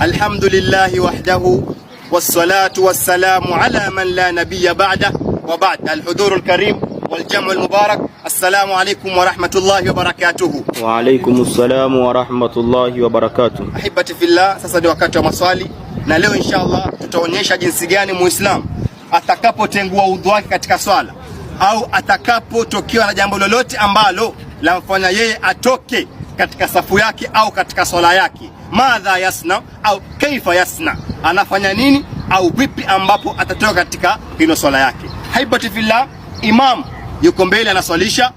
alhamdulillahi wahdahu wassalatu wassalamu ala man la nabiyya ba'da wa ba'd alhuduru alkarim waljamu almubarak assalamu alaykum wa rahmatullahi wa barakatuh. Wa alaykum assalamu wa rahmatullahi wa barakatuh. Ahibati fillah, sasa ni wakati wa maswali na leo inshallah tutaonyesha jinsi gani muislam atakapotengua udhu wake katika swala au atakapotokewa na jambo lolote ambalo lamfanya yeye atoke katika safu yake au katika swala yake madha yasna au kaifa yasna, anafanya nini au vipi ambapo atatoka katika hilo swala yake. Haibati fillah, imam yuko mbele anaswalisha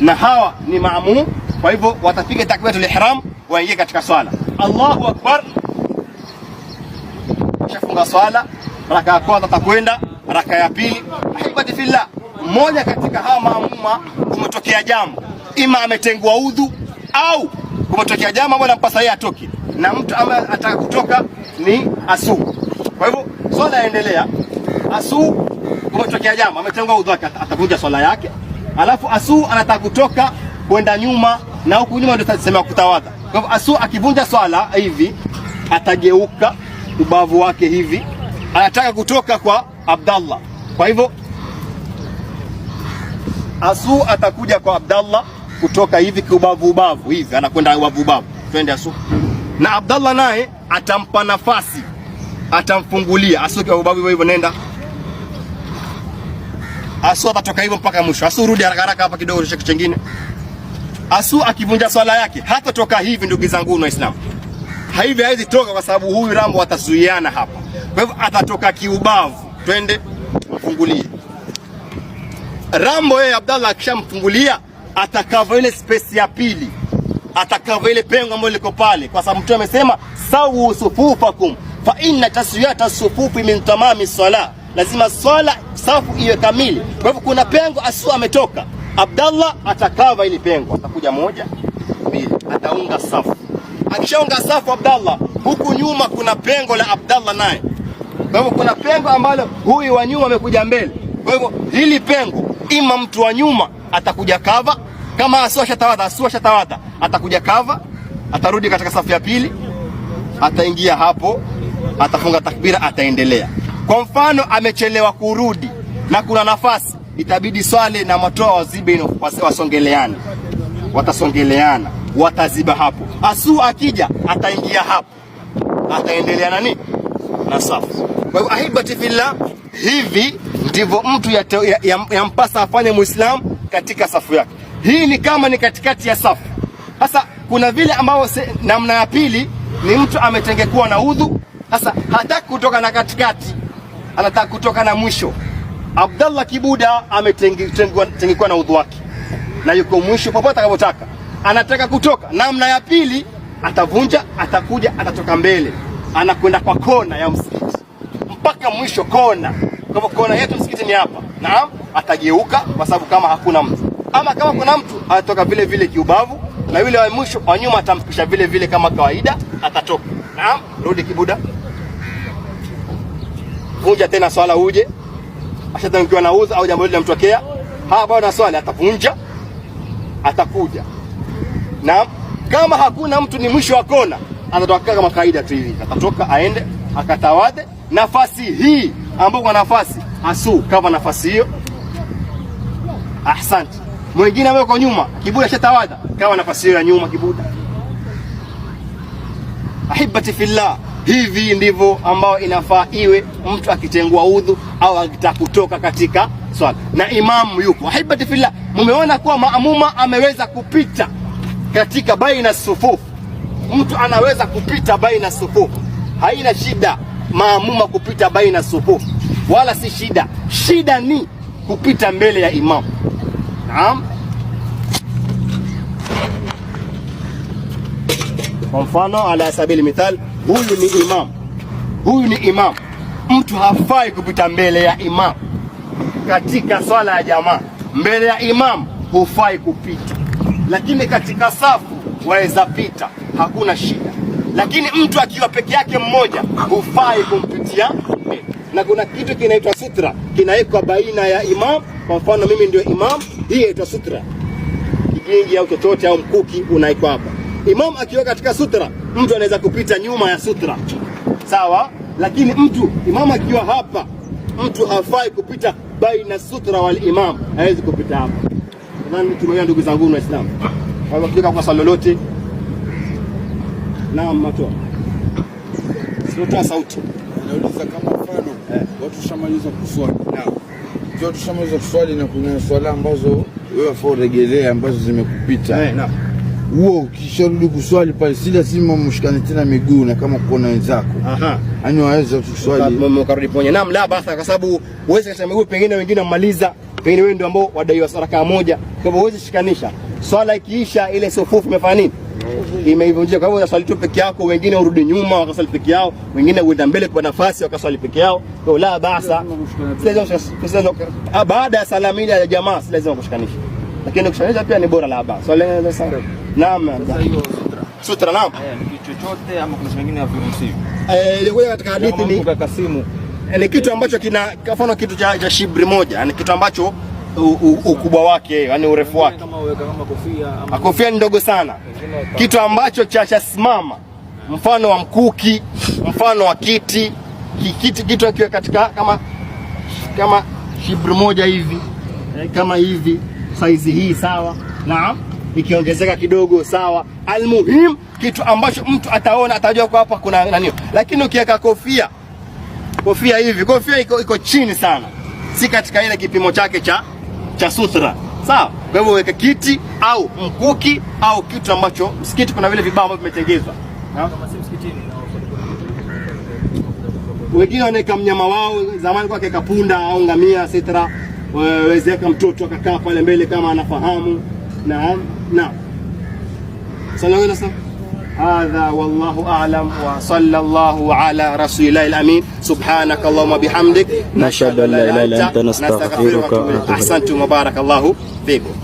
na hawa ni maamu, kwa hivyo watapiga takbiratul ihram waingie katika swala. Allahu akbar, shafunga swala, raka ya kwanza atakwenda raka ya pili. Haibati fillah, mmoja katika hawa maamuma kumetokea jambo, ima ametengua udhu au kumetokea jambo ambalo nampasa yeye atoke na mtu ambaye ataka kutoka ni asu Kwa hivyo swala yaendelea. ASUU kumetokea jambo, ametengwa udhaka, atakuja swala yake, alafu asu anataka kutoka kwenda nyuma, na huku nyuma ndio tutasema kutawadha. Kwa hivyo Asu akivunja swala hivi atageuka ubavu wake hivi, anataka kutoka kwa Abdallah. Kwa hivyo asu atakuja kwa Abdallah kutoka hivi kiubavu ubavu hivi, anakwenda ubavu ubavu, twende Asu na Abdallah naye atampa nafasi, atamfungulia asoke ubabu hivyo hivyo, nenda Asu atatoka hivyo mpaka mwisho. Asu rudi haraka haraka hapa kidogo, shekhe chengine. Asu akivunja swala yake hata toka hivi, ndugu zangu wa Uislamu, haivi hawezi toka kwa sababu huyu rambo atazuiana hapa. Kwa hivyo atatoka kiubavu, twende mfungulie rambo yeye. Eh, Abdallah akishamfungulia atakava ile space ya pili atakava ile pengo ambayo liko pale, kwa sababu Mtume amesema sawu sufufakum fa inna taswiyata sufufi min tamami sala, lazima swala safu iwe kamili. Kwa hivyo kuna pengo asu ametoka Abdallah, atakava ile pengo, atakuja moja mbili, ataunga safu. Akishaunga safu Abdallah, huku nyuma kuna pengo la Abdallah naye. Kwa hivyo kuna pengo ambalo huyu wa nyuma amekuja mbele. Kwa hivyo hili pengo, ima mtu wa nyuma atakuja kava kama Asua Shatawata, Asua Shatawata atakuja kava, atarudi katika safu ya pili, ataingia hapo, atafunga takbira, ataendelea. Kwa mfano amechelewa kurudi na kuna nafasi, itabidi Swale na matoa wazibe, wasongeleane, watasongeleana, wataziba hapo. asu akija ataingia hapo, ataendelea nani na safu. Kwa hivyo ahibati fillah, hivi ndivyo mtu yampasa ya, ya, ya afanye muislamu katika safu yake. Hii ni kama ni katikati ya safu. Sasa kuna vile ambavyo namna ya pili ni mtu ametengekuwa na udhu, sasa hataki kutoka na katikati, anataka kutoka na mwisho. Abdallah Kibuda ametengekuwa na udhu wake na yuko mwisho, popote atakapotaka anataka kutoka. Namna ya pili atavunja, atakuja, atatoka mbele, anakwenda kwa kona ya msikiti mpaka mwisho kona. Kwa hivyo kona yetu msikiti ni hapa. Naam, atageuka kwa sababu kama hakuna mtu ama kama kuna mtu atatoka vile vile kiubavu, na yule wa mwisho wa nyuma atampisha vile vile kama kawaida, atatoka. Naam, rudi kibuda, vunja tena swala uje ashatakiwa nauza au jambo lile linamtokea haya, bado na swali atavunja, atakuja. Naam, kama hakuna mtu ni mwisho wa kona, atatoka kama kawaida tu hivi, atatoka aende akatawade nafasi hii ambayo kwa nafasi asu kama nafasi hiyo. Ahsante. Mwingine ambaye yuko nyuma, kibuda shatawada, kawa nafasi hiyo ya nyuma kibuda. Ahibati fillah, hivi ndivyo ambao inafaa iwe mtu akitengua udhu au akitaka kutoka katika swala na imamu yuko. Ahibati fillah, mmeona kuwa maamuma ameweza kupita katika baina sufufu. Mtu anaweza kupita baina sufufu, haina shida maamuma kupita baina sufufu, wala si shida. Shida ni kupita mbele ya imamu. Naam. Kwa mfano, ala sabili mithal, huyu ni imam, huyu ni imam. Mtu hafai kupita mbele ya imam katika swala ya jamaa, mbele ya imam hufai kupita, lakini katika safu waweza pita, hakuna shida. Lakini mtu akiwa peke yake mmoja hufai kumpitia, na kuna kitu kinaitwa sitra kinawekwa baina ya imam kwa mfano mimi ndio imam, hii inaitwa sutra, kijingi au chochote au mkuki unaikwa hapa. Imam akiwa katika sutra, mtu anaweza kupita nyuma ya sutra, sawa. Lakini mtu imam akiwa hapa, mtu hafai kupita baina sutra wal imam, hawezi kupita hapa. Nadhani tumeona ndugu zangu islam Kwa hiyo kwa swali lolote, naam, mato sitotoa sauti, nauliza kama mfano eh. watu shamaliza kuswali nao ikiwa tushamaliza kuswali na kuna swala ambazo wewe afaa urejelea ambazo zimekupita eh, huo, ukisharudi kuswali pale, si lazima mshikane tena miguu, na kama kuona wenzako yaani waweza kuswali ukarudi ponye. Naam, la basa, kwa sababu huwezi kashika miguu, pengine wengine wamaliza, pengine wewe ndio ambao wadaiwa saraka moja, kwa hivyo huwezi shikanisha swala ikiisha, ile sofufu imefanya nini imeivunjia. Kwa hivyo unaswali peke yako, wengine urudi nyuma wakaswali peke yao, wengine uenda mbele kwa nafasi wakaswali peke yao. Kwa la basa, ah, baada ya salamu ile ya jamaa si lazima kushikanisha, lakini kushikanisha pia ni bora. La basa, naam, sutra, eh, naam, chochote ama kuna mengine ya virusi eh, ilikuwa katika hadithi ni eh, ni kitu ambacho kina, kwa mfano kitu cha shibri moja, ni kitu ambacho ukubwa wake, yani urefu wake. Ah, kofia ni ndogo sana, kitu ambacho chachasimama, mfano wa mkuki, mfano wa kiti, kiti kitu akiwa katika kama kama shibru moja hivi eh, kama hivi, saizi hii sawa, na ikiongezeka kidogo sawa. Almuhim, kitu ambacho mtu ataona atajua kwa hapa kuna nani. Lakini ukiweka kofia kofia hivi, kofia iko, iko chini sana, si katika ile kipimo chake cha cha sutra, sawa? Kwa hivyo weka kiti au mkuki au kitu ambacho msikiti, kuna vile vibao ambavyo vimetengezwa wengine wanaweka mnyama wao, zamani kwa kaka punda au ngamia sitra, wawezeka mtoto akakaa pale mbele kama anafahamu. Naam, naam, sasa. هذا والله أعلم وصلى الله على رسول الله الأمين سبحانك اللهم بحمدك نشهد أن لا إله إلا أنت نستغفرك أحسنتم وبارك الله فيكم